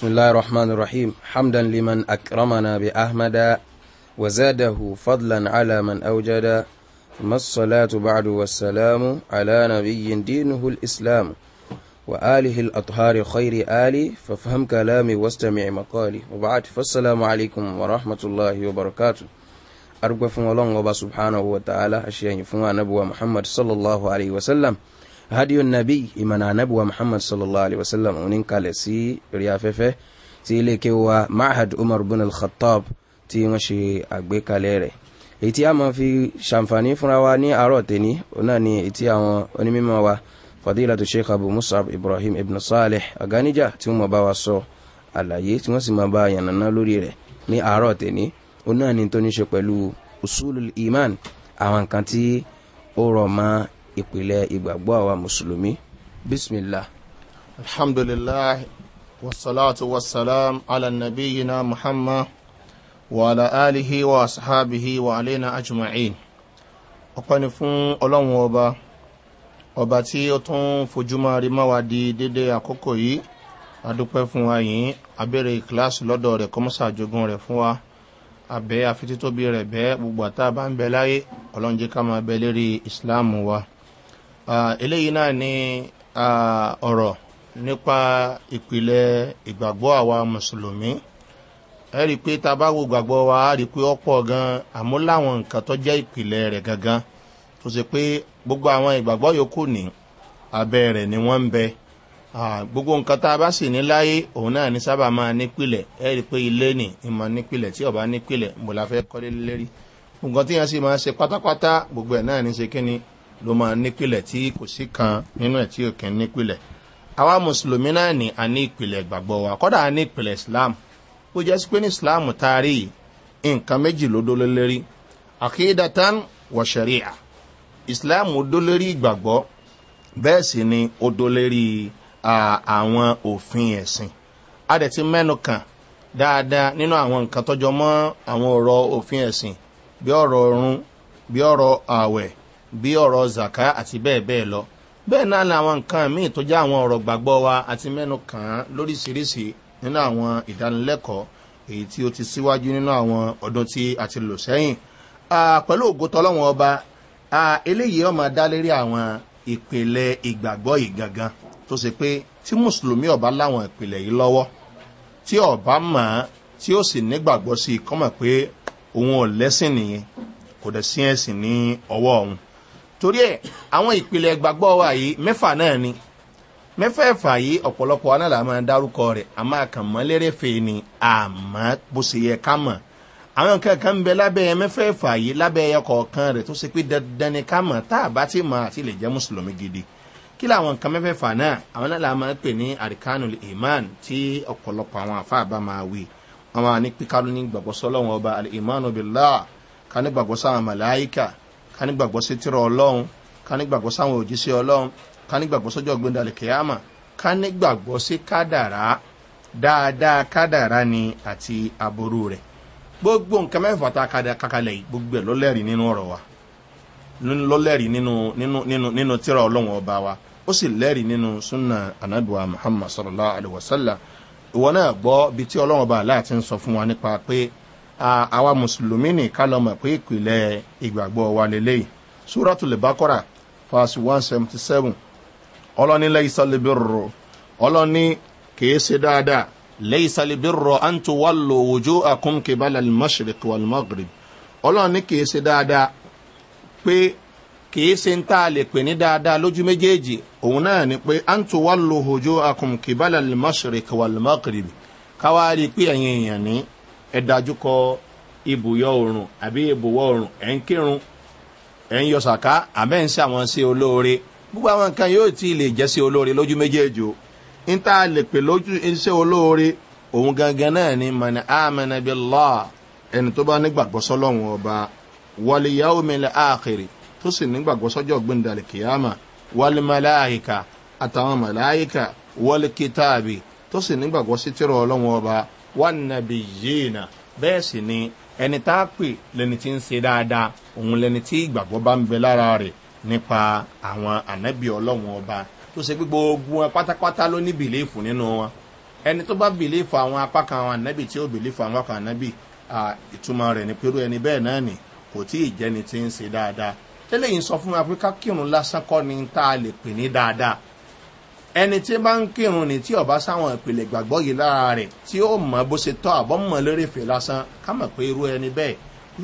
بسم الله الرحمن الرحيم حمدا لمن أكرمنا بأحمد وزاده فضلا على من أوجد ثم الصلاة بعد والسلام على نبي دينه الإسلام وآله الأطهار خير آلي ففهم كلامي واستمع مقالي وبعد فالسلام عليكم ورحمة الله وبركاته أرجو فمولون الله سبحانه وتعالى أشياء فما نبوة محمد صلى الله عليه وسلم hadiyo nabi ìmọ̀nà anabiwa muhammad sallallahu alayhi wa sallam oníkalẹ̀ sí rí afẹ́fẹ́ tí ilé kéwà mahad umar bin al-khattab tí wọ́n ṣe àgbékalẹ̀ rẹ̀ èyí tí a máa fi ṣàǹfààní fúnra wa ní àárọ̀ tẹ̀ní náà ni èyí tí àwọn onímọ̀ wa fadila tó sheikh abu musab ibrahim ibn saleh aganija tí wọ́n bá wa sọ àlàyé tí wọ́n sì máa bá yànnàná lórí rẹ̀ ní àárọ̀ tẹ̀ní náà ni tó ní ṣe pẹ̀lú usulul iman àwọn nǹkan tí ó rọ̀ mọ́ ìpìlẹ̀ ìgbàgbọ́ àwa mùsùlùmí bismillah. alhamdulillah wasalaatu wasalaam ala nabiyina muhammad wa ala alihi wa asahabihi wa alena ajma'in. ọ̀pẹ́ ni fún ọlọ́run ọba ọba tí ó tún fojúmọ́ rí máa wá di dédé àkókò yìí adúpẹ́ fún wa yìí abẹ́rẹ́ ìkíláàsì lọ́dọ̀ rẹ̀ kọ́mọ́sà àjogún rẹ̀ fún wa abẹ́ afititóbi rẹ̀ bẹ́ gbogbo àtàbà ń bẹ láyé ọlọ́njẹ́ máa bẹ lérí ìsìláàmù wa eléyìí náà ni ọ̀rọ̀ nípa ìpìlẹ̀ ìgbàgbọ́ àwa mùsùlùmí ẹ rí i pé tá a bá wo gbàgbọ́ wa a rí i pé ọ̀pọ̀ gan àmú láwọn nǹkan tó jẹ́ ìpìlẹ̀ rẹ̀ gangan tó ṣe pé gbogbo àwọn ìgbàgbọ́ yòókù ní abẹ́ rẹ̀ ni wọ́n ń bẹ gbogbo nǹkan tá a bá sì ní láyé òun náà ní sábà máa nípìlẹ̀ ẹ rí i pé ilé nì ìmọ̀ nípìlẹ̀ tí ọba nípìlẹ̀ mo la fẹ́ kọ́lé lérí nǹkan tí yẹn sì máa ṣe pátápátá gbogbo ẹ̀ náà ní ṣe kíni ló máa nípìlẹ̀ tí kò sí kan nínú ẹ̀ tí òkè nípìlẹ̀ àwa mùsùlùmí náà ní a ní ìpìlẹ̀ ìgbàgbọ́ wa kọ́dà a ní ìpìlẹ̀ islam ó jẹ́ sí pé ní islam taari nǹkan méjì ló dó lórí àkídàtàn wọ̀ sẹ̀ríà islam dó lórí ìgbàgbọ́ bẹ́ẹ̀ sì ni ó dó àwọn òfin ẹ̀sìn a dẹ̀ ti mẹ́nu kàn dáadáa nínú àwọn nǹkan tọ́jọ́ mọ́ àwọn ọ̀rọ̀ òfin ẹ̀sìn bí ọ̀rọ̀ ọ̀run bí ọ̀rọ̀ ààwẹ̀ bí ọ̀rọ̀ zaka àti bẹ́ẹ̀ bẹ́ẹ̀ lọ bẹ́ẹ̀ náà làwọn nǹkan míì tó jẹ́ àwọn ọ̀rọ̀ gbàgbọ́ wa àti mẹ́nu kàn án lóríṣiríṣi nínú àwọn ìdánilẹ́kọ̀ọ́ èyí tí ó ti síwájú nínú àwọn ọdún tí a ti lò sẹ́yìn pẹ̀lú ògótọ́ ọlọ́wọ́n ọba eléyìí ọmọ dá lérí àwọn ìpìlẹ̀ ìgbàgbọ́ yìí gangan tó ṣe pé tí mùsùlùmí ọba láwọn ìpìlẹ̀ yìí lọ́wọ́ tí ọba mọ̀ ọ́n tí ó sì nígbàgbọ́ sí i kọ́mọ̀ pé òun ò lẹ́sìn nìyẹn kò dẹ̀ sí ẹ̀sìn ní ọwọ́ òun torí ẹ̀ àwọn ìpìlẹ̀ ìgbàgbọ́ wa yìí mẹ́fà náà ni mẹ́fẹ̀ẹ̀fà yìí ọ̀pọ̀lọpọ̀ anáàlà máa dárúkọ rẹ̀ àmọ́ àkànmọ́lérè fèé ni àmọ́ bó ṣe yẹ ká mọ̀ àwọn nǹkan kan ń bẹ lábẹ́ mẹ́fẹ̀ẹ̀fà yìí lábẹ́ ẹyọ kọ̀ọ̀kan rẹ̀ tó ṣe pé dandan ni ká mọ̀ tá a bá ti mọ̀ àti lè jẹ́ mùsùlùmí gidi kí làwọn nǹkan mẹ́fẹ̀ẹ̀fà náà àwọn anáàlà máa ń pè ní àríkánù iman tí ọ̀pọ̀lọpọ̀ àwọn àfáàbá máa wí wọn máa ní píkálù ní gbàgbọ́sọ́lọ́wọ́n ọba al-imanu billah ká ní gbàgbọ́sọ́ àwọn màláyíkà ká nígbàgbọ́ sí tìrọ ọlọ́run ká nígbàgbọ́ sáwọn òjíṣẹ́ ọlọ́run ká nígbàgbọ́ sọ́jọ́ gbẹ̀ndàlẹ̀ kìámà ká nígbàgbọ́ sí kádàrá dáadáa kádàrá ni àti aburú rẹ̀ gbogbo nǹkan mẹ́fà tá a kakalẹ̀ yìí gbogbo ẹ̀ lọ́lẹ́rìí nínú ọ̀rọ̀ wa lọ́lẹ́rìí nínú nínú nínú nínú tìrọ ọlọ́run ọba wa ó sì lẹ́rìí nínú súnà anaduwa muhammad sallallahu alayhi wa sallam ìwọ náà gbọ́ bíi tí ọlọ́run ọba aláàtí ń sọ fún wa nípa pé àwa mùsùlùmí ní ká lọ mọ̀ pé ìpìlẹ̀ ìgbàgbọ́ wa lélẹ́yìí sóràtú lè bá kọ́ra fásitì one seventy seven ọlọ́ni lẹ́yìn sálẹ̀bẹ̀rọ̀ ọlọ́ni kìí ṣe dáadáa lẹ́yìn sálẹ̀bẹ̀rọ̀ à ń tó wà lò wòjó àkúnkèbálà mọ́ṣẹ̀lẹ̀kì wà lọ́gìrì ọlọ́ni kìí ṣe dáadáa pé kìí ṣe ń tá lè pè ní dáadáa lójú méjèèjì òun náà ni pé à wà lò wòjó àkúnkèbálà mọ́ṣẹ̀lẹ̀kì wà lọ́gìrì káwá rí pé ẹ̀yìn èèyàn ní ẹ dájú kọ ibùyọ oòrùn àbí ibùwọ oòrùn ẹ̀ ń kírun ẹ̀ ń yọ sàká àbẹ́ ń ṣe àwọn sí olóore gbogbo àwọn nǹkan yóò tí ì lè jẹ́ sí olóore lójú méjèèjì o ń tá a lè pè lójú iṣẹ́ olóore òun gangan náà ni mọ̀nà àmàna bí ẹni tó bá nígbàgbọ́ sọ́lọ́hún ọba wọlé yahoo mi lè àkèrè tó sì nígbàgbọ́ sọ́jọ́ gbẹ̀ndàlẹ̀ kìyàmà wọlé màláyìíkà àtàwọn màláyìíkà wọlé kìtàbì tó sì nígbàgbọ́ sí tìrọ̀ ọba wà nàbí yéèna bẹ́ẹ̀ sì ni ẹni tá a pè lẹni tí ń ṣe dáadáa òun lẹni tí ìgbàgbọ́ bá ń bẹ lára rẹ̀ nípa àwọn ànábì ọlọ́run ọba tó ṣe pé gbogbo wọn pátápátá ló ní bìlífù nínú wọn ẹni tó bá bìlífù àwọn apá kan àwọn ànábì tí ó bìlífù àwọn kan ànábì ìtumọ̀ rẹ̀ ni pẹ̀lú ẹni bẹ́ẹ̀ náà nì kò tí ì jẹ́ni tí ń ṣe dáadáa tẹ́lẹ̀ yìí sọ fún wa pé ká kírun lásán kọ́ ni tá a lè pè ní dáadáa ẹni tí bá ń kírun ni tí ọba sáwọn ìpìlẹ̀ gbàgbọ́ yìí lára rẹ̀ tí ó mọ̀ bó ṣe tọ́ àbọ̀mọ̀ lórí ìfẹ́ lásán ká mọ̀ pé irú ẹni bẹ́ẹ̀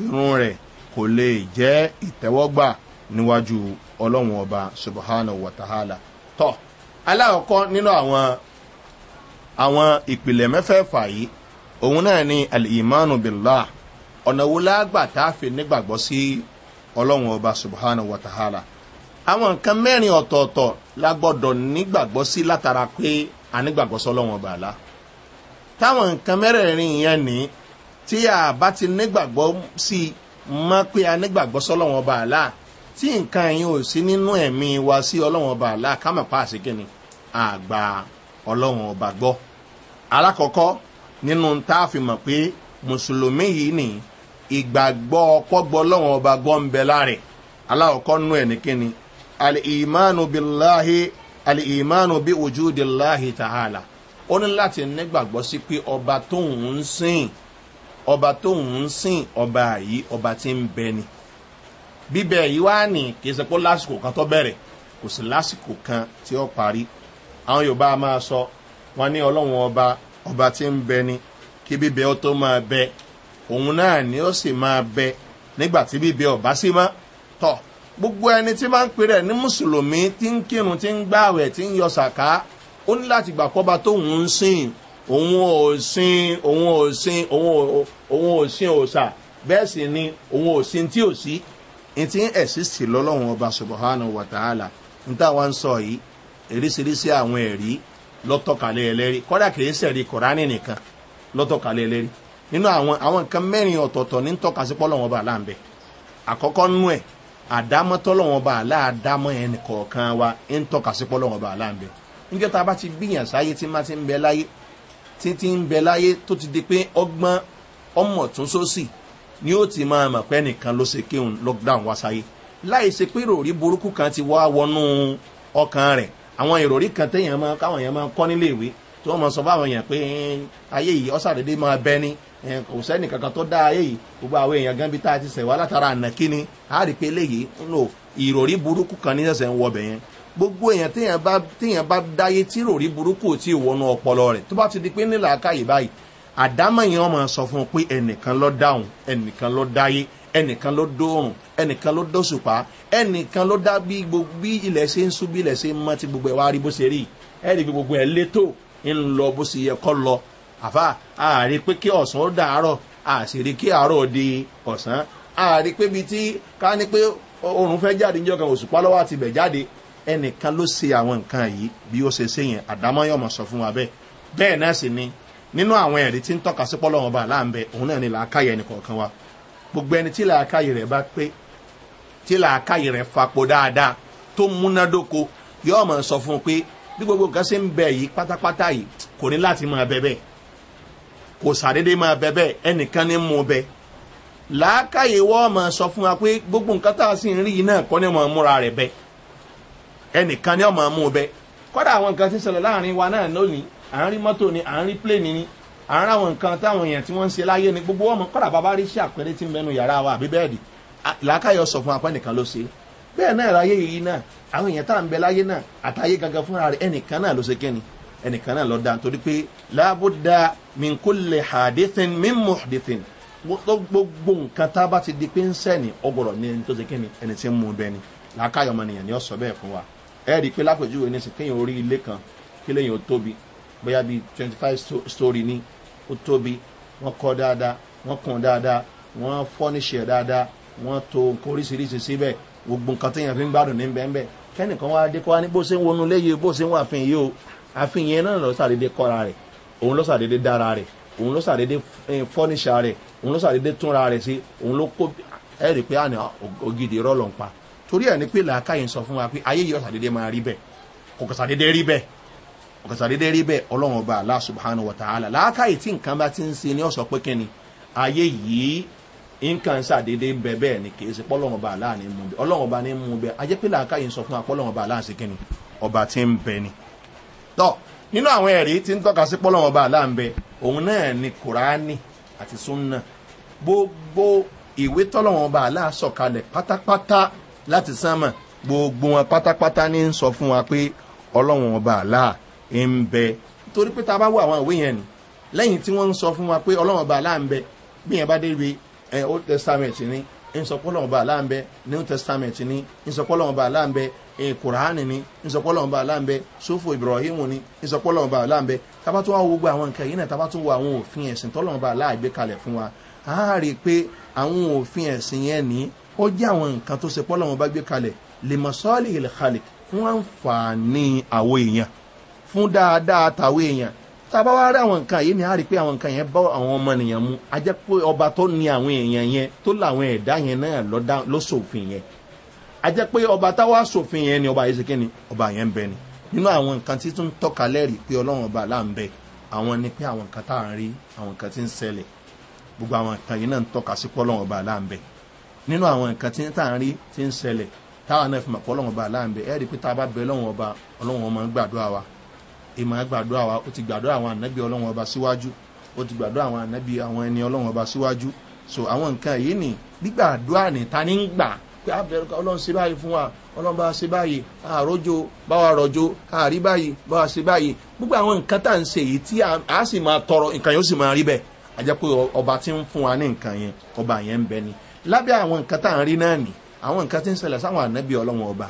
irun rẹ̀ kò lè jẹ́ ìtẹ́wọ́gbà níwájú ọlọ́run ọba subahana wàtàhálà tọ́ alákọ̀ọ́kọ́ nínú àwọn àwọn ìpìlẹ̀ mẹ́fẹ̀ẹ̀fà yìí òun náà ni alìmánu bìlá ọ̀nà wo lágbà fi nígbàgbọ́ sí ọlọ́run ọba subahana wàtàhálà àwọn nǹkan mẹ́rin ọ̀tọ̀ọ̀tọ̀ la gbọ́dọ̀ nígbàgbọ́ sí látara pé anígbàgbọ́ sọlọ́wọ́n bàálà táwọn nǹkan mẹ́rẹ̀ẹ̀rin yẹn ní tí a bá ti nígbàgbọ́ sí mọ́ pé anígbàgbọ́ sọlọ́wọ́n bàálà tí nǹkan yìí ò sí nínú ẹ̀mí wa sí ọlọ́wọ́n bàálà kámọ̀ páàsì kìíní àgbà ọlọ́wọ́n ọba gbọ́ alákọ̀ọ́kọ́ nínú tá a fi mọ̀ pé mùsùlùmí yìí ní ìgbàgbọ́ ọpọ́gbọ́ ọlọ́wọ́n ọba gbọ́ ń bẹ láàrẹ̀ alákọ̀ọ́kọ́ nú ẹ̀ ní kíni alìmánu bíláhi alìmánu bí ojú dìláhi tàhálà ó ní láti nígbàgbọ́ sí pé ọba tóun ń sìn ọba tóun ń sìn ọba yìí ọba ti ń bẹ ni bíbẹ yìí wá ní kì í ṣe pé lásìkò kan tó bẹ̀rẹ̀ kò sí lásìkò kan tí ó parí àwọn yorùbá máa sọ wọn ní ọlọ́run ọba ọba ti ń bẹ ni kí bíbẹ ó tó máa bẹ òun náà ni ó sì máa bẹ nígbà tí ọba gbogbo ẹni tí máa ń pè rẹ̀ ní mùsùlùmí tí ń kírun tí ń gbààwẹ̀ tí ń yọ sàká ó ní láti gbà kọ́ba tóun ń sìn òun ò sin òun ò sin òun ò sin òòsà bẹ́ẹ̀ sì ni òun ò sin tí ò sí ntí ń ẹ̀sìsì lọ́lọ́run ọba subahana wàtàhálà níta wá ń sọ yìí eríṣiríṣi àwọn ẹ̀rí lọ́tọ̀kàlẹ̀ ẹlẹ́rí kọ́dà kìí sẹ̀rí kọ́ránì nìkan lọ́tọ̀kàlẹ̀ ẹlẹ́rí nínú àwọn àwọn nǹkan mẹ́rin ọ̀tọ̀ọ̀tọ̀ ní tọ́ka sí pọ́lọ́wọ́n ọba láǹbẹ̀ àkọ́kọ́ nú ẹ̀ àdámọ́ tọ́lọ́wọ́n bá àlá àdámọ́ ẹnì kọ̀ọ̀kan wa ń tọ́ka sí pọ́lọ́wọ́n bá àlá ń bẹ níjọ́ tá a bá ti gbìyàn sáyé tí má ti ń bẹ láyé tí ti ń bẹ láyé tó ti di pé ọgbọ́n ọmọ tún sósì ni ó ti máa mọ̀ pé nìkan ló ṣe kéhùn lockdown wá sáyé láì ṣe pé ìròrí burúkú kan ti wá wọnú ọkàn rẹ̀ àwọn ìròrí kan téèyàn máa káwọn èèyàn máa kọ́ nílé ìwé tí wọ́n máa sọ fáwọn èèyàn pé ayé yìí ọ̀sàdédé kò sẹ́ni kankan tó dá ayé yìí gbogbo àwọn èèyàn gan bí tá a ti sẹ̀wá látara àná kíni a rí pé léyìí nò ìròrí burúkú kan ní sẹ̀sẹ̀ ń wọbẹ̀ yẹn gbogbo èèyàn téèyàn bá dáyé tí ìròrí burúkú tí ìwọnú ọpọlọ rẹ̀ tó bá ti di pé nílà káyè báyìí àdámọ̀ yẹn wọ́n máa sọ fún un pé ẹnìkan ló dáhùn ẹnìkan ló dáyé ẹnìkan ló dóorùn ẹnìkan ló dóṣùpá ẹnìkan ló dá bí gbogbo ilẹ̀ ṣe ń sún bí ilẹ̀ ṣe ń mọ́ tí gbogbo ẹ̀ wá rí bó ṣe rí ẹ̀ gbogbo ẹ̀ létò ń lọ bó ṣe yẹ kọ́ lọ àfa àárí pé kí ọ̀sán ó dàárọ̀ àṣírí kí àárọ̀ di ọ̀sán àárí pé bíi tí ká ní pé oòrùn fẹ́ jáde níjọ́ kan òṣùpá lọ́wọ́ àti ibẹ̀ jáde ẹnìkan ló ṣe àwọn nǹkan yìí bí ó ṣe ṣe yẹn àdámọ́yọ̀mọ̀ sọ fún wa bẹ́ẹ̀ bẹ́ẹ̀ náà sì ni nínú àwọn ẹ̀rí tí ń tọ́ka sí pọ́lọ́wọ́n bá láǹbẹ̀ òun náà ni làákàyè ẹnìkọ̀ọ̀kan wa gbogbo ẹni tí làákàyè rẹ̀ bá pé tí làákàyè rẹ̀ fapò dáadáa tó múnádóko yóò mọ̀ sọ fún un pé bí gbogbo nǹkan ṣe ń bẹ̀ yìí pátápátá yìí kò ní láti máa bẹ bẹ́ẹ̀ kò sàdédé máa bẹ bẹ́ẹ̀ ẹnìkan ní mú bẹ làákàyè wọ́n máa sọ fún wa pé gbogbo nǹkan tá a sì náà kọ́ ni ọmọ múra rẹ̀ bẹ ẹnìkan ní ọmọ mú bẹ kọ́dà àwọn nǹkan ti sọ̀rọ̀ láàrin wa náà lónìí à ń rí mọ́tò ni à ń rí pléènì ni à ń ráwọn nǹkan táwọn èèyàn tí wọ́n ń ṣe láyé ni gbogbo ọmọ kọ́dà bàbá rí yàrá wa àbí làákàyè àwọn èèyàn tá ẹnìkan náà lọ da nítorí pé láàbùdá minkulè hadithin mímúhdithin gbogbo nǹkan tá a bá ti di pé ń sẹ́ni ọgbọ̀rọ̀ ní ẹni tó ṣe kíni ẹni tí ń mú bẹni làákàyọ̀ ọmọnìyàn ni ó sọ bẹ́ẹ̀ fún wa ẹ rí i pé lápèjúwe ní sìnkẹ́yìn orí ilé kan kí lẹ́yìn ó tóbi bóyá bíi twenty five story ni ó tóbi wọ́n kọ́ dáadáa wọ́n kùn dáadáa wọ́n fọ́níṣẹ̀ dáadáa wọ́n to nǹkan oríṣiríṣi síbẹ̀ gbogbo nǹkan téèyàn fi ń gbádùn ní bẹ́ẹ̀ bẹ́ẹ̀ kẹ́nìkan wá dé kó wá ní bó ṣe ń wọnú léyìí bó ṣe ń wà fún yìí o àfi yẹn náà lọ sàdédé kọ́ra rẹ̀ òun lọ sàdédé dára rẹ̀ òun lọ sàdédé fọ́nìṣà rẹ̀ òun lọ sàdédé túnra rẹ̀ sí òun ló kó ẹ rí i pé àná ògidì rọ́ọ̀lọ̀ ń pa torí ẹ̀ ní pé làákàyè ń sọ fún wa pé ayé yìí ọ̀sàdédé máa rí bẹ́ẹ̀ kò kọ̀sàdédé rí bẹ́ẹ̀ kò kọ̀sàdédé rí bẹ́ẹ̀ ọlọ́run ọba allah subhanahu wa ta'ala làákàyè tí nǹkan bá ti ń se ni ọ̀sọ̀ pé kẹ́ni ayé yìí nǹkan sàdédé bẹ bẹ́ẹ̀ ni kì í ṣe pọ́lọ́run ọba allah ni mú bẹ́ẹ̀ ọlọ́run ọba ni mú bẹ́ẹ̀ ajẹ́ pé làákàyè ń sọ fún wa pọ́lọ́run ọba allah ṣe kẹ́ni ọba ti ń bẹ ni tọ́ nínú àwọn ẹ̀rí tí ń tọ́ka sí pọ́lọ́wọ́n bá aláǹbẹ òun náà ni kùránì àti súnà gbogbo ìwé tọ́lọ́wọ́n bá aláṣọ̀kalẹ̀ pátápátá láti sánmà gbogbo wọn pátápátá ní ń sọ fún wa pé ọlọ́wọ́n ọba àlá ń bẹ torí pé tá a bá wọ àwọn ìwé yẹn ni lẹ́yìn tí wọ́n ń sọ fún wa pé ọlọ́wọ́n ọba àlá ń bẹ bí yẹn bá dé ibi eh, old testament ni nsọpọlọmọba aláǹbẹ new testament ni nsọpọlọmọba aláǹbẹ eh, kùránì ni nsọpọlọmọba aláǹbẹ sófò ibrahim ni nsọpọlọmọba aláǹbẹ tabatún wa gbogbo àwọn nǹkan yìí náà tabatún wo àwọn òfin ẹ̀sìn tọ́lọ́mọba aláàgbé kalẹ̀ fún wa a rí i pé àwọn òfin ẹ̀sìn yẹn ní ó jẹ́ àwọn nǹkan tó ṣe pọ́lọ́mọba gbé kalẹ̀ lèmọ̀sọ́ọ̀lì ìlẹ̀kalẹ̀ fún àǹfààní tàbá wá rí àwọn nǹkan yìí ni a rí pé àwọn nǹkan yẹn bá àwọn ọmọnìyàn mu a jẹ́ pé ọba tó ní àwọn èèyàn yẹn tó làwọn ẹ̀dá yẹn náà ló sòfin yẹn a jẹ́ pé ọba táwa sòfin yẹn ni ọba yìí ṣe kí ni ọba yẹn ń bẹ ni nínú àwọn nǹkan tí tún tọ́ka lẹ́rìí pé ọlọ́run ọba là ń bẹ àwọn ni pé àwọn nǹkan tá à ń rí àwọn nǹkan tí ń ṣẹlẹ̀ gbogbo àwọn nǹkan yìí náà ń tọ́ka sí pọ́lọ́run ọba ìmọ̀ gbàdúrà wa ó ti gbàdúrà àwọn ànábì ọlọ́wọ́n ọba síwájú ó ti gbàdúrà àwọn ànábì àwọn ẹni ọlọ́wọ́n ọba síwájú so àwọn nǹkan yìí ni gbígbàdúrà ní ta ní ń gbà pé abẹ́rẹ́ ah, ọlọ́run ṣe báyìí fún wa ọlọ́run bá wa ṣe báyìí àròjò bá wa rọ̀jò àrí báyìí bá wa ṣe báyìí gbogbo àwọn nǹkan tá à ń ṣe yìí tí a sì máa tọrọ nǹkan yóò sì máa rí bẹ́ẹ̀ a jẹ́ pé ọba tí ń fún wa ní nǹkan yẹn ọba yẹn ń bẹ ni lábẹ́ àwọn nǹkan tá à ń rí náà nì àwọn nǹkan tí ń ṣẹlẹ̀ sáwọn ànábì ọlọ́run ọba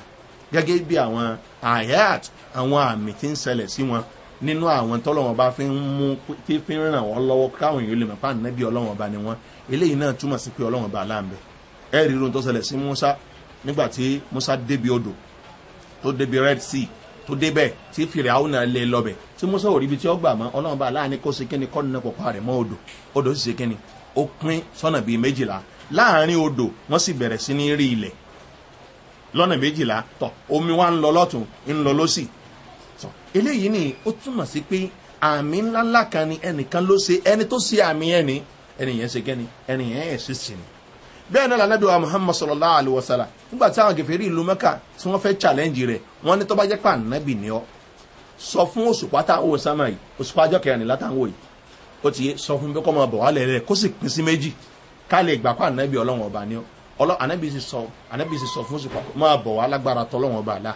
gẹ́gẹ́ bí àwọn ayat àwọn àmì tí ń ṣẹlẹ̀ sí wọn nínú àwọn tọ́lọ́wọ́n bá fi ń mú fífi ràn wọ́n lọ́wọ́ káwọn èèyàn lè mọ̀ pa nẹ́bí ọlọ́wọ́n bá ni wọ́n eléyìí náà túmọ̀ sí pé ọlọ́wọ́n bá láǹbẹ̀ ẹ rí irun tó ṣẹlẹ̀ sí musa nígbà tí musa débi odò tó débi red sea tó débẹ̀ tí fìrì àwọn náà lè lọ bẹ̀ tí musa ò rí ibi tí ó gbà mọ́ ọlọ́wọ́n bá láàánú kó ṣe kíni kọ́ nínú pọ̀pọ̀ rẹ̀ mọ́ odò odò sì ṣe kíni ó pín sọ́nà bíi méjìlá láàárín odò wọ́n sì bẹ̀rẹ̀ sí ní rí ilẹ̀ lọ́nà méjìlá tọ̀ omi wa ń lọ lọ́tún ń lọ lọ́sì tọ̀ eléyìí ni ó túmọ̀ sí pé àmì ńláńlá kan ni ẹnìkan ló ṣe ẹni tó ṣe àmì ẹni ẹnìyẹn ṣe gẹ́ni ẹnìyẹn ẹ̀ ṣe sì ni bẹ́ẹ̀ náà lànàbí wa muhammad sallallahu alayhi wa sallam nígbà tí àwọn gẹ̀fẹ̀rí ìlú mẹ́ka tí wọ́n fẹ́ challenge rẹ̀ wọ́n ní tó bá jẹ́ pà nábì ni ọ́ sọ fún òṣùpá táwọn ò sámà yìí òṣùpá ajọ́ kẹrin látàwọn yìí ó ti sọ fún bí kò máa bọ̀ wálẹ̀ rẹ̀ kó sì pín sí méjì ká lè gbà pà nábì ọlọ́run ọba ni ọ́ ọlọ anabi sì sọ anabi sì sọ fún òṣùpá máa bọ̀ wá alágbára tọ́lọ́wọ́n ọba àlá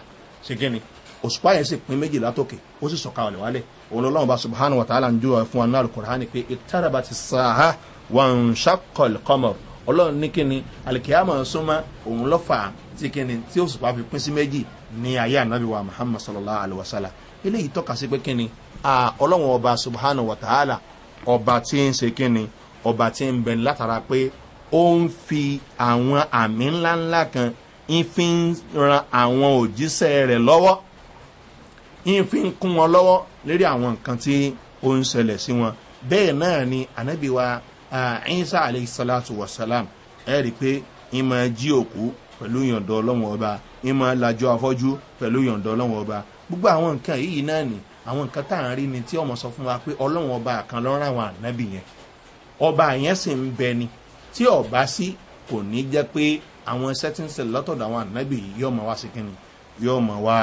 ṣe kí ni òṣùpá yẹn sì pín méjìlá tókè ó sì sọ̀ka ọ̀lẹ̀ wálẹ̀ òun lọ́wọ́n bá subhanahu wa ta'ala ń jó fún wa náà kọ̀ọ̀rọ̀ hánì pé ìtàràbà ti sàáhà wà ń ṣàkọ̀lẹ̀ kọ́mọ̀ ọlọ́run ní kí ni alikiyama súnmọ́ òun lọ́fà tí kí ni tí òṣùpá fi pín sí méjì ní ayé anabi wa muhammad sallallahu alayhi wa sallam eléyìí tọ́ka sí pé kí ni ọlọ́run ọba subhanahu wa ta'ala ọba tí ń ṣe kí ni ọba tí ń bẹ̀ látara pé ó ń fi àwọn àmì ńláńlá kan ìfi ń ran àwọn òjíṣẹ́ rẹ̀ lọ́wọ́ ìfi ń kún wọn lọ́wọ́ lérí àwọn nǹkan tí ó ń ṣẹlẹ̀ sí wọn bẹ́ẹ̀ náà ni ànábìwa ẹ̀yìnsá aleyhisalatu wasalam ẹ̀ rí i pé ìmọ̀ jí òkú pẹ̀lú yọ̀ǹda ọlọ́wọ́n ọba ìmọ̀ lajọ afọ́jú pẹ̀lú yọ̀ǹda ọlọ́wọ́n ọba gbogbo àwọn nǹkan yìí náà ni àwọn nǹkan tá à ń rí ni tí ọmọ sọ fún wa pé ọlọ́wọ́n ọba kan lọ́rùn àwọn ànábì yẹn ọba yẹn sì ń bẹ ni tí ọba sí kò ní jẹ́ pé àwọn sẹ́tíǹsì lọ́tọ̀dọ̀ àwọn ànábì yóò mọ̀ wá sí kínní yóò mọ̀ wá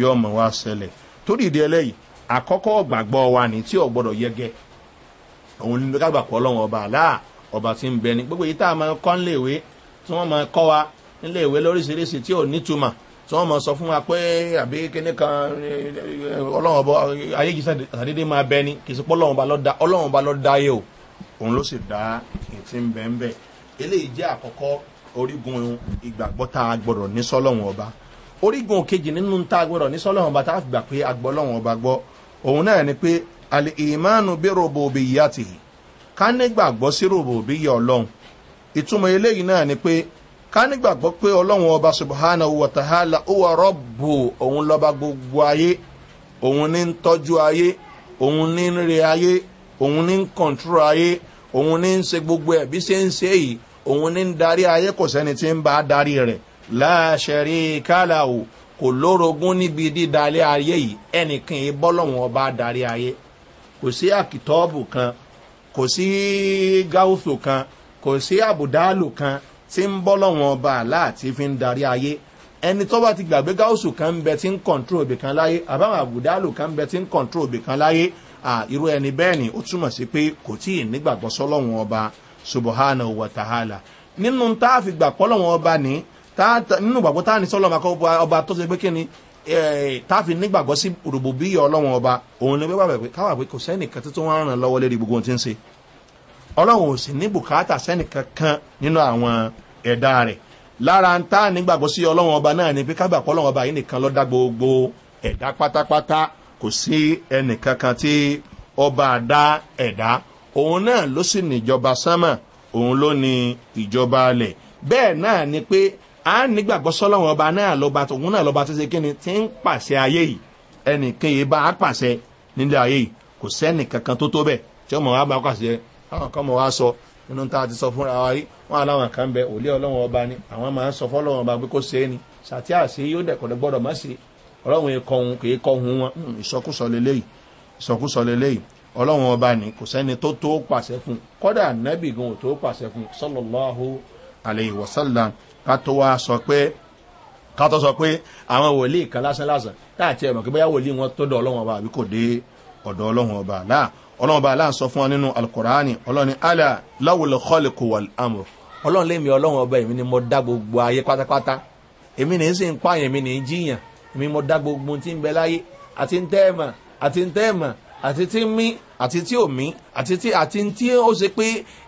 yóò mọ̀ wá sẹlẹ̀ torí ìdí ẹlẹ́yìí àkọ́kọ́ gbàgbọ́ wa ni tí ò gbọ́dọ̀ yẹgẹ òun ní ká gbàgbọ́ ọlọ́run ọba àlá ọba tí ń bẹ ni gbogbo yìí tá a máa kọ́ níléèwé tí wọ́n máa kọ́ wa níléèwé lóríṣiríṣi tí ò nítumọ̀ tí wọ́n máa sọ fún wa pé àbí kíní kan ọlọ́run ọba ayé jìsà máa bẹ ni kì í sọ pé ọlọ́run ọba lọ́ọ́ da ayé o òun ló sì dá ìtì ń bẹ́ẹ̀ bẹ́ẹ̀ eléyìí jẹ́ àkọ́kọ́ orígun ìgbàgbọ́ tá a gbọ́dọ̀ ní sọ́lọ́hún ọba orígun kejì nínú tá a gbọ́dọ̀ ní sọ́lọ́hún ọba tá a gbà pé agbọ́lọ́hún ọba gbọ́ òun náà ni pé àlè ìmánu bí robo òbí yá ti ká nígbàgbọ́ sí robo òbí yá ọlọ́run ìtumọ̀ eléyìí náà ni pé ká nígbàgbọ́ pé ọlọ́run ọba subahana wa tahala wa rọ́bù òun lọ́ba gbogbo ayé òun ní ń tọ́jú ayé òun ní ń re ayé òun ní ń kọ̀ǹtúrò ayé òun ní ń ṣe gbogbo ẹ̀ bí ṣe ń ṣe yìí òun ní ń darí ayé kò sẹ́ni tí ń bá darí rẹ̀ láṣẹ̀rí kálá o kò lórogún níbi dídarí ayé yìí ẹnìkan yìí bọ́lọ̀hún ọba darí ayé kò sí àkìtọ́ọ̀bù kan kò sí gáúsù kan kò sí àbùdálù kan tí ń bọ́lọ̀hún ọba láti fi ń darí ayé ẹni tó ti gbàgbé gáúsù kan ń bẹ tí ń kọ̀ǹtúrò ibì láyé àbáwọn àbùdálù kan ń bẹ tí ń kọ̀ǹtúrò ibì láyé irú ẹni bẹ́ẹ̀ ni ó túmọ̀ sí pé kò tí ì nígbàgbọ́ sọ́lọ́hún ọba subahana wa ta'ala nínú tá a fi gbà pọ́lọ́hún ọba ní nínú gbàgbọ́ tá a ní sọ́lọ́hún ọba tó ṣe pé kí ni tá a fi nígbàgbọ́ sí òdòbò bí ìyá ọlọ́hún ọba òun ni wíwà pé káwà pé kò sẹ́nìkan tó ń ràn lọ́wọ́ lérí gbogbo tí ń ṣe ọlọ́hún ò sì ní bùkátà sẹ́nìkan kan nínú àwọn ẹ̀dá rẹ̀ lára ń tá a nígbàgbọ́ sí ọlọ́hún ọba náà ni pé kábàpọ̀ ọlọ́hún ọba yìí nìkan lọ́ dá gbogbo ẹ̀dá pátápátá kò sí ẹnìkankan tí ọba àdá ẹ̀dá òun náà ló sì níjọba sánmà òun ló ní ìjọba alẹ̀ bẹ́ẹ̀ náà ni pé a nígbàgbọ́ sọ́lọ́wọ́n ọba náà lọ́ba òun náà lọ́ba tó ṣe kí ni ti ń pàṣẹ ayé yìí ẹnìkan yìí bá a pàṣẹ nílẹ̀ ayé yìí kò sẹ́ni kankan tó tó bẹ́ẹ̀ tí ọmọ wa bá pàṣẹ àwọn kan mọ̀ wá sọ nínú tá a ti sọ fúnra wa rí wọn aláwọn kan bẹ òlé ọlọ́wọ́n ọba ni àwọn máa ń sọ fọ́lọ́wọ́n ọba pé kó ṣe é ni sàtí dẹ̀kọ̀dẹ̀ gbọ́dọ̀ má ṣe ọlọ́run ìkọhun kìí kọhun wọn hmm, ìsọkúsọ lélẹ́yìí ìsọkúsọ lélẹ́yìí ọlọ́run ọba ni kò sẹ́ni tó tó pàṣẹ fún kọ́dà nẹ́bì gan tó pàṣẹ fún sọlọ́láhu aleyhi wasalam ká tó wá sọ pé ká tó sọ pé àwọn wòlíì kan lásán lásán táàtì ẹ̀mọ̀ kí bóyá wòlíì wọn tó dọ̀ ọlọ́run ọba àbí kò dé ọ̀dọ̀ ọlọ́run ọba àlá ọlọ́run ọba àlá ń sọ fún wa nínú alukoraani ọlọ́run alá láwùlọ kọ́lì kò wà lámù ọlọ́run lé mi ọlọ́run ọba èmi ni mo dá gbogbo ayé pátápátá èmi ni ń sì pààyàn èmi ni ń jiyàn èmi mo dá gbogbo tí ń bẹ láyé àti ń tẹ́ ẹ̀ mọ̀ àti ń tẹ́ ẹ̀ mọ̀ àti tí ń mí àti tí ò mí àti tí àti tí ó ṣe pé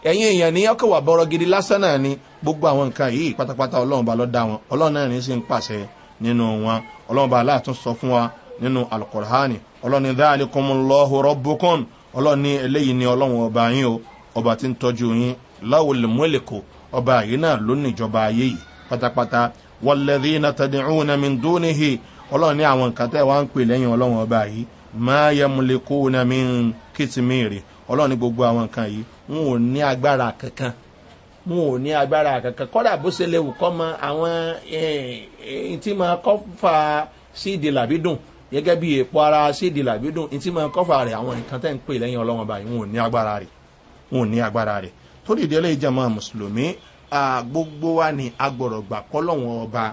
ẹ̀yin èèyàn ní ọkọ̀ wà bọ́rọ̀ gidi lásán náà ni gbogbo àwọn nǹkan yìí pátápátá ọlọ́run bá lọ dá wọn ọlọ́run náà ní sí ń pàṣẹ nínú wọn ọlọ́run bá aláàtún sọ fún wa nínú alukur'ani ọlọ́run ní dáhà ní kọ́mọlọ́hù rọ́bùkún ọlọ́run ní eléyìí ní ọlọ́run ọba yín o ọba tí ń tọ́jú yín láwùlì mọ́lẹ̀kọ́ ọba yìí náà lónìí ìjọba ayé yìí pátápátá wàlẹ́dí nàtàdínrún nàmíndóníhìí ọlọ́run ní àwọn nǹkan tẹ́ wá ń pè lẹ́yìn ọlọ́run ọba yìí máa yẹmúlẹ kó na mi ń kìtìmíìrì ọlọ́run ní gbogbo àwọn nǹkan yìí wọn ò ní agbára kankan wọn ò ní agbára kankan kọ́dà bó ṣe lè wù kọ́ mọ àwọn tí máa kọ́ fa síìdì làbídùn gẹ́gẹ́ bí èèpo ara síìdì làbídùn tí máa kọ́ fa rẹ̀ àwọn nǹkan tẹ́ ń pè lẹ́yìn ọlọ́run ọba yìí wọn ò ní agbára rẹ̀ tó dìde ẹlẹ́yìí jẹ́ mọ́ gbogbo wa ni agbọ̀rọ̀gbà kọ́lọ́wọ́n ọba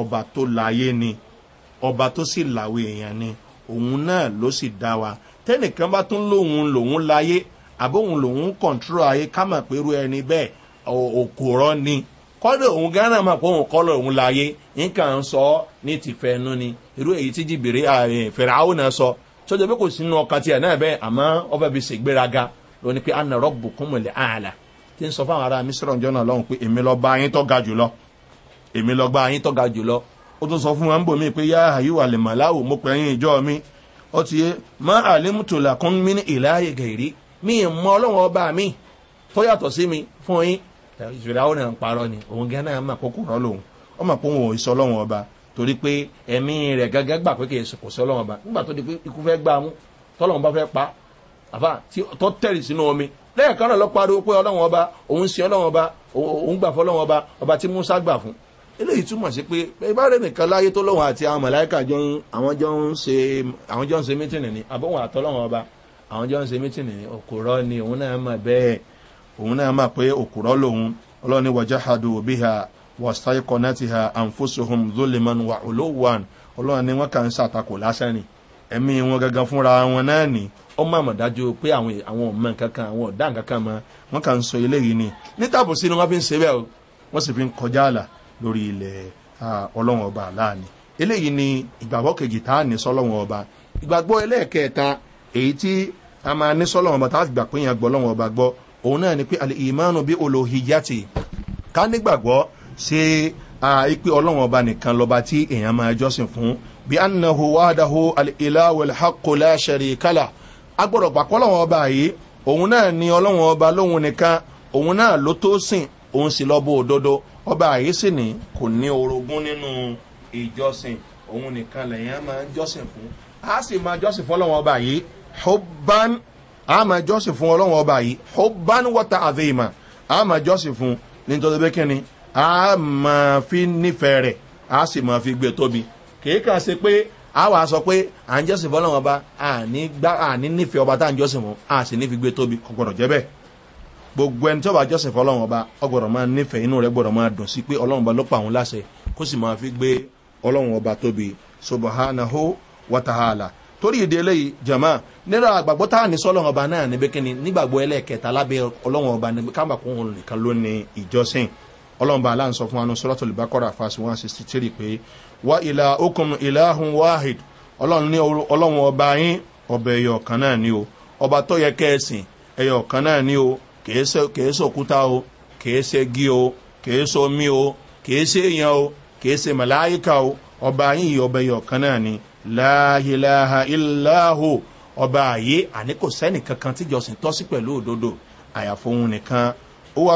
ọba tó láyé ni ọba tó sì làwé èèyàn ni òun náà ló sì dá wa tẹnìkan bá tún lóun lòun láyé àbóhun lòun kọ̀ǹtúrò ayé ká mọ̀ pé irú ẹni bẹ́ẹ̀ òkòrọ́ ni kọ́dọ̀ òun gánà mọ̀ pé òun kọ́lọ̀ òun láyé nǹkan ń sọ ní tìfẹ́ ẹnu ni irú èyí tí jìbìrì fèrè àwọn náà sọ sọjọ́ pé kò sínú ọkàn tiẹ̀ náà bẹ́ẹ̀ àmọ́ ọba fi ṣègbéraga lóní pé anna rọ́bù kúnmọ̀lẹ̀ àlà tí ń sọ fáwọn ará mísírọ̀ ọjọ́ náà lọ́hùn pé èmi lọ ó tún sọ fún wa ń bò mí pé yá àyù àlèmọ̀láwò mo pẹ̀yìn ìjọ mi ó ti yé má àlèmùtòlà kún mí ní ìláyè gẹ̀rí mí mọ ọlọ́run ọba mi tó yàtọ̀ sí mi fún yín ìfìdáwọ́ náà ń parọ́ ni òun gẹ́ náà mà kókó rọ́ lòun ó mà pòun òun ìsọlọ́run ọba torí pé ẹ̀mí rẹ̀ gẹ́gẹ́ gbà pé kì í kò sọlọ́run ọba nígbà tó di pé ikú fẹ́ gbà mú tọ́lọ́run eléyìí túmọ̀ sí pé ìbára nìkan láyé tó lọ́wọ́ àti àwọn mọ̀láìkà àwọn jọ ń ṣe àwọn jọ ń ṣe mítìnì ni àbọ̀wọ̀n àtọ́lọ́wọ́n ọba àwọn jọ ń ṣe mítìnì ni òkúrọ́ ni òun náà mọ̀ bẹ́ẹ̀ òun náà mọ̀ pé òkúrọ́ lòun ọlọ́ni wàjá hadu òbí ha wàstáì kọ́nẹ́tì ha ànfóṣohun zoliman wà olówàn ọlọ́run ni wọ́n kà ń ṣàtakò lásán ni ó má mọ̀ dájú pé àwọn àwọn ọmọ kankan àwọn ọ̀dá kankan mọ wọn kà ń sọ eléyìí ni nítàbọ̀sí ni wọ́n fi ń ṣe bẹ́ẹ̀ wọ́n sì fi ń kọjá àlà lórí ilẹ̀ ọlọ́run ọba láàánì eléyìí ni ìgbàgbọ́ kejì tá a ní sọ́lọ́run ọba ìgbàgbọ́ ẹlẹ́ẹ̀kẹta èyí tí a máa ní sọ́lọ́run ọba tá a gbà pé yẹn gbọ́ lọ́run ọba gbọ́ òun náà ni pé àlè ìmánu bí olóhìyàtì ká nígbàgbọ́ ṣe ipe ọlọ́run ọba nìkan lọ́ba tí èèyàn máa jọ́sìn fún bí anahu wàdáhu àlè ìlàwẹ̀ hakula ṣẹ̀ríkálà agbọ́dọ̀ pàkọ́ lọ́run ọba yìí òun náà ni ọlọ́run ọba lóhun nìkan òun náà ló tó sìn òun sì lọ bó òdodo ọba àyèsí ni kò ní orogún nínú ìjọsìn òun nìkan lẹ́yìn máa ń jọ́sìn fún a sì máa jọ́sìn fún ọlọ́wọ́n ọba yìí hubban a máa jọ́sìn fún ọlọ́wọ́n ọba yìí hubban wọ́ta àdéhìmá a máa jọ́sìn fún nítorí pé kíni a máa fi nífẹ̀ẹ́ rẹ̀ a sì máa fi gbé tóbi kìí kà pé a wàá sọ pé à ń jọ́sìn fún ọlọ́wọ́n ọba à ní nífẹ̀ẹ́ ọba tá à ń jọ́sìn fún a sì ní fi gbé tóbi kọ̀gbọ́dọ̀ jẹ́ bẹ́ẹ̀. gbogbo ẹni tí ọba jọ́sẹ̀ fọlọ́run ọba ọgbọ̀dọ̀ máa nífẹ̀ẹ́ inú rẹ̀ gbọ́dọ̀ máa dùn sí pé ọlọ́run ọba ló pa òun láṣẹ kó sì máa fi gbé ọlọ́run ọba tóbi torí ìdí eléyìí jama nínú àgbàgbọ́ tá à ní sọ́lọ́run ọba náà níbi nígbàgbọ́ ẹlẹ́ẹ̀kẹta lábẹ́ ọlọ́run ọba kó ọba tó yẹ kẹ́ẹ̀sìn kèé sòkúta o kèé se gí o kèé omi o kèé se èèyàn o kèé se màláyíkà o ọba yìí ọba yìí ọ̀kan náà ni láàyèláha ìláhò ọba àyè àní kò sẹ́ni kankan tíjọsìn tọ́sí pẹ̀lú òdodo àyàfóhun nìkan ó wà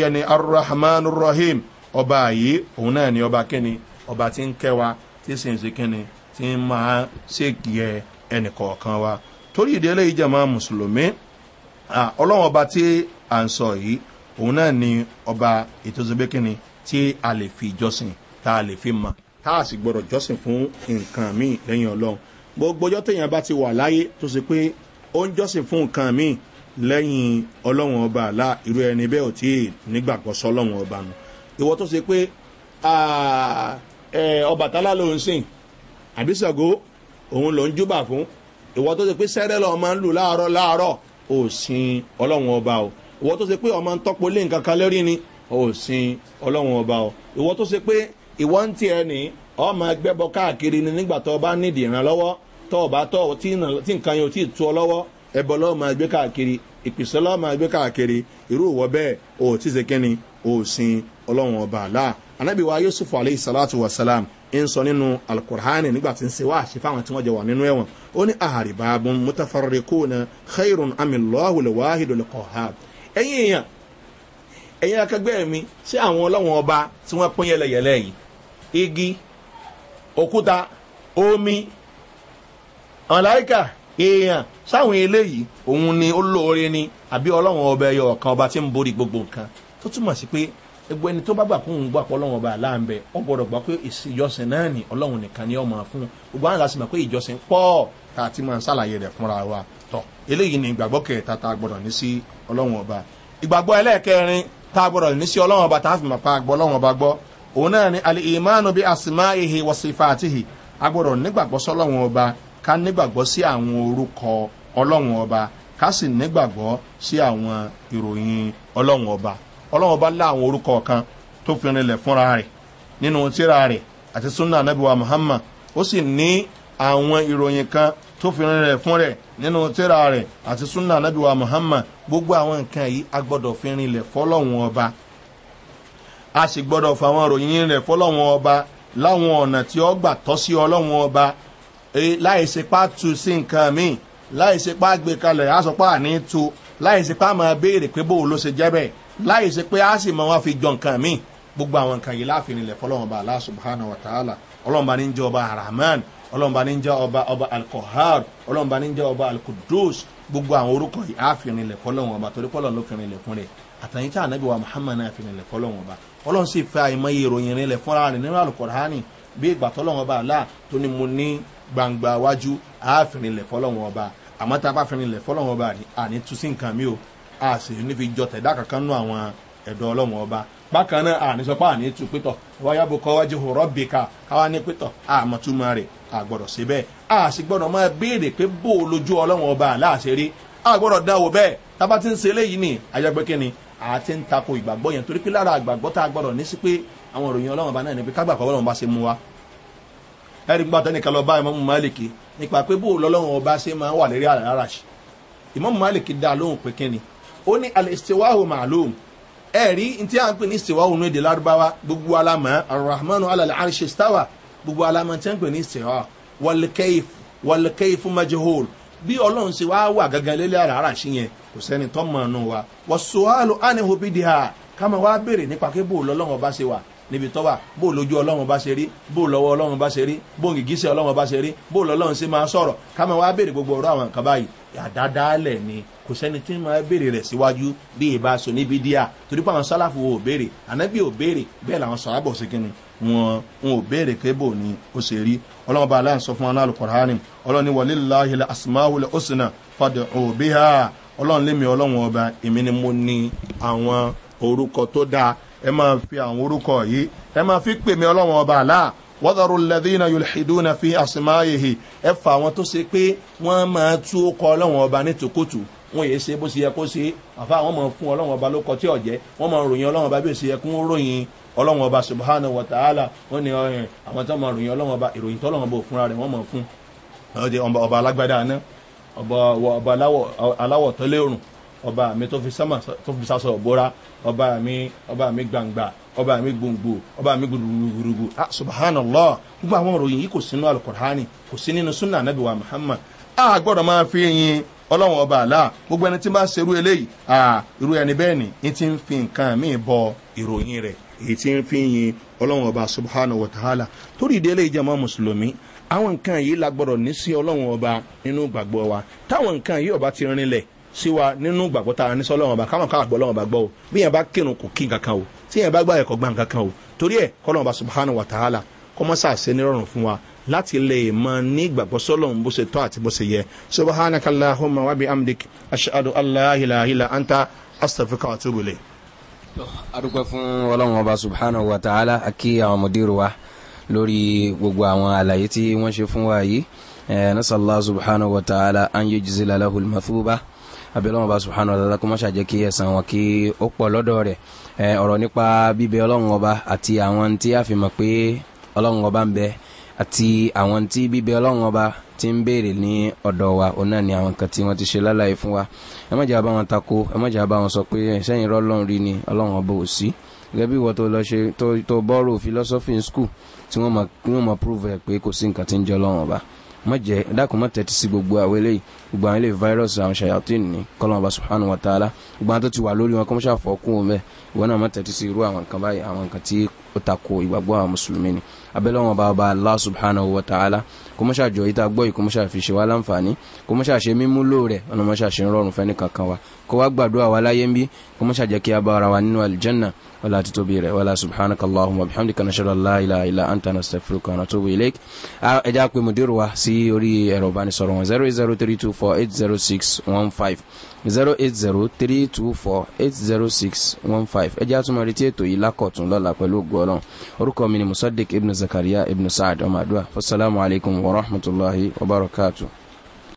yẹni arrahman rahim ọba àyè òun náà ni ọba kíni ọba tí ń kẹwa tí sì ń se kíni tí ń máa ṣèkìyẹ ẹnì kọ̀ọ̀kan wa torí ìdílé ìjàmbá mùsùlùmí ọlọ́run ọba tí à ń sọ yìí òun náà ni ọba ètò ìsọ̀bẹ́kìnni tí a lè fi jọ́sìn tá a lè fi mọ̀ tá a sì gbọ́dọ̀ jọ́sìn fún nǹkan míì lẹ́yìn ọlọ́run gbogbo ọjọ́ téèyàn bá ti wà láyé tó ṣe pé ó ń jọ́sìn fún nǹkan míì lẹ́yìn ọlọ́run ọba àlá irú ẹni bẹ́ẹ̀ ò tí ì nígbàgbọ́ sọ ọlọ́run ọba nù ìwọ tó ṣe pé ọba tálá ló ń sìn àbísàgó òun ló ń júbà fún ìwọ tó ṣe pé sẹ́rẹ́ lọ́ọ́ máa ń lù láàárọ̀ láàárọ̀ ò sin ọlọ́run ọba o ìwọ tó ṣe pé ọmọ ń tọ́pọ̀ lé nǹkan kan lórí ni ò sin ọlọ́run ọba o ìwọ tó ṣe pé ìwọ ń tiẹ̀ ní ọmọ ẹgbẹ́bọ káàkiri ni nígbà tó bá nídìí ìrànlọ́wọ́ tó ọba tó tí nǹkan yẹn ò tí ì tú ọ lọ́wọ́ ẹbọ lọ́wọ́ máa gbé káàkiri ìpìsẹ́ lọ́wọ́ máa káàkiri irú ìwọ bẹ́ẹ̀ ò ṣe kẹ́ni ò sin ọlọ́run ọba àlá anábìwá yusuf alayhi salatu wa salam ń sọ nínú alukur'ani nígbà tí ń se wáàsí fáwọn tí wọ́n jẹ wà nínú ẹ̀wọ̀n ó ní àhàrìbáàbùn mutafarikuna khairun amilọ́hùlẹ̀ wáhìdùlẹ̀ kọ̀hab ẹ̀yìn èèyàn ẹ̀yìn akẹgbẹ́ mi sí àwọn ọlọ́wọ́n ọba tí wọ́n pín yẹlẹyẹlẹ yìí igi òkúta omi ọ̀làríkà èèyàn sáwọn eléyìí òun ni ó ni àbí ọlọ́wọ́n ọba ẹyọ ọ̀kan ọba tí ń borí gbogbo nǹkan tó túmọ̀ sí pé gbogbo ẹni tó bá gbà kó ń gbà pọ̀ lọ́wọ́ bá láǹbẹ̀ ọ gbọ́dọ̀ gbà pé ìjọsìn náà ni ọlọ́run nìkan ni ọmọ fún gbogbo àwọn àlàsìmọ̀ pé ìjọsìn pọ̀ tá a ti máa ṣàlàyé rẹ̀ fúnra wa tọ̀ eléyìí ni ìgbàgbọ́ kẹta tá a gbọ́dọ̀ ní sí ọlọ́run ọba ìgbàgbọ́ ẹlẹ́ẹ̀kẹrin tá a gbọ́dọ̀ ní sí ọlọ́run ọba tá a fi mọ̀ pa gbọ́ ọlọ́run ọba gbọ́ òun náà ni a gbọ́dọ̀ nígbàgbọ́ sọ́lọ́run ọba ká nígbàgbọ́ sí àwọn orúkọ ọlọ́run ọba ká sì ọlọ́run bá láwọn orúkọ kan tó fi rinlẹ̀ fúnra rẹ̀ nínú tíra rẹ̀ àti sunna anabiwa muhammad ó sì ní àwọn ìròyìn kan tó fi rinlẹ̀ fún rẹ̀ nínú tíra rẹ̀ àti sunna anabiwa muhammad gbogbo àwọn nǹkan yìí a gbọ́dọ̀ fi rinlẹ̀ fọlọ́run ọba a sì gbọ́dọ̀ fọ àwọn ìròyìn rẹ̀ fọlọ́run ọba láwọn ọ̀nà tí ó gbà tọ́ sí ọlọ́run ọba e, láìsí tu sí nǹkan míì láìsí pa gbé kalẹ̀ á sọ pé tu láìsí máa béèrè pé bó o ló ṣe jẹ́ bẹ́ẹ̀ láì ṣe pé a sì mọ wọn fi jọ nǹkan míì gbogbo àwọn nǹkan yìí láàfin ilẹ̀ fọlọ́mọba aláà subhana wa ta'ala ọlọ́mọba ní jẹ́ ọba rahman ọlọ́mọba ní jẹ́ ọba ọba alkohar ọlọ́mọba ní jẹ́ ọba alkudus gbogbo àwọn orúkọ yìí àfin ilẹ̀ fọlọ́mọba torí pọ́lọ́ ló fin ilẹ̀ fún rẹ̀ àtàyìn tí ànábì wa muhammad náà fin ilẹ̀ fọlọ́mọba ọlọ́run sì fẹ́ àìmọye ìròyìn rẹ̀ ilẹ̀ fúnra rẹ̀ nínú alukurani bí ìgbà tọ́lọ́mọba aláà tó ní mo ní gbangba wájú àfin ilẹ̀ fọlọ́mọba àmọ́ tá a bá fin ilẹ̀ fọlọ́mọba àní tún nǹkan mi o a sì ní fi jọ tẹ̀dá kankan nú àwọn ẹ̀dọ́ ọlọ́run ọba bákan náà àní sọ pé àní tu pétọ̀ wáyà bó kọ́ wájú ọ̀rọ̀ bì ká káwá ní pétọ̀ àmọ́túmọ̀ rẹ̀ àgbọ̀dọ̀ sí bẹ́ẹ̀ a sì gbọ́dọ̀ máa béèrè pé bó o lójú ọlọ́run ọba aláàṣẹ rí àgbọ̀dọ̀ dáwọ́ bẹ́ẹ̀ tábà ti ń ṣe eléyìí ni àjẹpẹ́ kínni àti ń tako ìgbàgbọ́ yẹn torí pé lára àgbàgbọ́ tá a gbọ́dọ̀ ní sí pé àwọn ìròyìn ọlọ́run ọba náà ni pé ká ó ní alistiwahu ma'lum ẹ rí n tí a ń pè ní istiwahu nínú èdè lárúbáwá gbogbo alamọ arahmanu alali arishi stawa gbogbo alamọ tí a ń pè ní istiwa wọlkeif wọlkeif majahol bí ọlọ́run ṣe wá wà gangan lélẹ̀ ara ara ṣe yẹn kò sẹ́ni tó mọ̀ wa wọ́n sọ́ọ́lù ánìhó bídìí ha wá béèrè nípa kébò lọ́lọ́run ọba ṣe wà níbi tọ́wà bó lójú ọlọ́run bá ṣe rí bó lọ́wọ́ ọlọ́run bá ṣe rí bó gìgísẹ̀ ọlọ́run bá ṣe rí bó lọ́lọ́run sí máa sọ̀rọ̀ káma wá béèrè gbogbo ọ̀rọ̀ àwọn nǹkan báyìí àdádálẹ̀ ni kò sẹ́ni tí máa béèrè rẹ̀ síwájú bí ìbá sọ níbi díà torí pé àwọn sálàfù ò béèrè ànábì ò béèrè bẹ́ẹ̀ làwọn sọ̀rábọ̀ sí kíni wọn wọn ò béèrè pé bò ní ó ṣe rí ọlọ́run bá aláǹ sọ fún aláàlùkọ̀rání ọlọ́run ni wọlé láhìlẹ̀ àsìmáwòlẹ̀ òsìnà fàdé òbí ha ọlọ́run lémi ọlọ́run ọba èmi ni mo ní àwọn orúkọ tó dáa ẹ máa fi àwọn orúkọ yìí ẹ máa fi pèmí ọlọ́wọ́n ọba àlá wọ́dọ̀rù lẹ́dínà yòlìhìdúnà fi àsìmáyèhì ẹ fà wọn tó ṣe pé wọ́n máa tú kọ ọlọ́wọ́n ọba ní tòkótù wọn yìí ṣe bó ṣe yẹ kó ṣe àfa àwọn máa fún ọlọ́wọ́n ọba ló kọ tí ọ̀jẹ́ wọ́n máa ròyìn ọlọ́wọ́n ọba bí ó ṣe yẹ kó ròyìn ọlọ́wọ́n ọba subhanahu wa ta'ala wọ́n ní ọ̀rìn àwọn tó máa ròyìn ọlọ́wọ́n ọba ìròyìn tọ́lọ́wọ́n ọba òfúnra rẹ̀ wọ́n máa fún ọba alágbádá aná ọba aláwọ̀ tọ́lẹ́rùn ọba mi tó fi sámà tó fi sásọ ọ̀bọ́ra ọba mi ọba mi gbangba ọba mi gbòǹgbò ọba mi gbùrùgbùrùgbù ah subhanallah gbogbo àwọn òròyìn yìí kò sínú alukur'ani kò sí nínú sunna anabi wa muhammad ah gbọ́dọ̀ máa fi yin ọlọ́run ọba àlá gbogbo ẹni tí bá ń serú eléyìí ah irú ẹni bẹ́ẹ̀ ni ní ti ń fi nǹkan míì bọ ìròyìn rẹ̀ èyí ti fi yin ọlọ́run ọba subhanahu wa ta'ala torí ìdílé ìjẹmọ́ mùsùlùmí àwọn nǹkan yìí la gbọ́dọ̀ ní sí ọlọ́run ọba nínú gbàgbọ́ wa táwọn nǹkan yìí ọba ti rinlẹ̀ sí wa nínú gbàgbọ́ tá a ní sọ́lọ́wọ́n ọba káwọn káwọn gbọ́ lọ́wọ́n ọba gbọ́ o bí yẹn bá kírun kò kí nǹkan kan o tí yẹn bá gbà ẹ̀kọ́ gbà nǹkan kan o torí ẹ̀ kọ́lọ́wọ́n ọba subahana wa ta'ala kọ́mọ́sà ṣe nírọ̀rùn fún wa láti lè mọ ní gbàgbọ́ sọ́lọ́wọ́n bó ṣe tọ́ àti bó ṣe yẹ subahana kalahuma wabi amdik ashadu alahilahila anta astafika wa tubule. adúpẹ́ fún ọlọ́run ọba subahana wa ta'ala akí àwọn mọ̀dírù wa lórí gbogbo àwọn àlàyé tí wọ́n ṣe fún wa yìí nasalaam subhanahu wa ta'ala an yi jizila lahul mathuba abẹ́lẹ́ ọba subhanahu wa ta'ala kó má ṣàjẹ́ kí ẹ̀sán wọn kí ó pọ̀ lọ́dọ̀ rẹ̀ ọ̀rọ̀ nípa bíbẹ ọlọ́run ọba àti àwọn tí a fi mọ̀ pé ọlọ́run ọba ń bẹ àti àwọn tí bíbẹ ọlọ́run ọba ti ń béèrè ní ọ̀dọ̀ wa òun náà ni àwọn kan tí wọ́n ti ṣe lálàyé fún wa ẹ má jẹ́ àbá wọn tako ẹ má jẹ́ àbá wọn sọ pé sẹ́yìn rọ́lọ́run rí ni ọlọ́run ọba ò sí gẹ́gẹ́ bí ìwọ tó lọ ṣe tó bọ́rò philosophy in school tí wọ́n mọ̀ prove ẹ̀ pé kò sí nǹkan tí ń jẹ́ ọlọ́run ọba má jẹ́ dákun má tẹ́tí sí gbogbo àwọn eléyìí gbogbo àwọn eléyìí virus àwọn ṣàyàtìn ní kọ́lọ́mọba subhanu wa ta'ala gbogbo àwọn tó ti wà lórí wọn kọ́mọ́ṣà fọ́ọ̀kùn wọn bẹ́ẹ̀ ìwọ náà má tẹ́tí sí irú àwọn nǹkan báyìí àwọn nǹkan tí ó takò ìgbàgbọ́ àwọn mùsùlùmí ni abẹ́lẹ́ wọn bá ọba allah subhanahu wa ta'ala kò mọ́ ṣàjọ yìí tá a gbọ́ yìí kò mọ́ ṣàfi ṣe wá láǹfààní kò mọ́ ṣàṣe mímúlò rẹ̀ ọ̀nà mọ́ ṣàṣe ń rọrùn fẹ́ni kankan wa kò wá gbàdúrà wa láyé ń bí kò mọ́ ṣàjẹ́ kí a bá ara wa nínú aljanna wàlá àti tóbi rẹ̀ wàlá subhanaka allahumma bihamdi kana ṣe lọ́la ilà anta na stefano kana tóbi ilé ẹja pé mudiru wa sí orí ẹ̀rọ ìbánisọ̀rọ̀ wọn zero eight zero three two four eight zero six one five zero eight zero three two four eight zero six one five ẹja tún mọ retí ètò yìí lákọ̀tún lọ́la pẹ̀lú ògbọ́n orúkọ mi ni musadik ibn zak zakariya ibn sa'ad ọmọ àdúrà fasalaamu alaykum wa rahmatulahi wa barakatuh.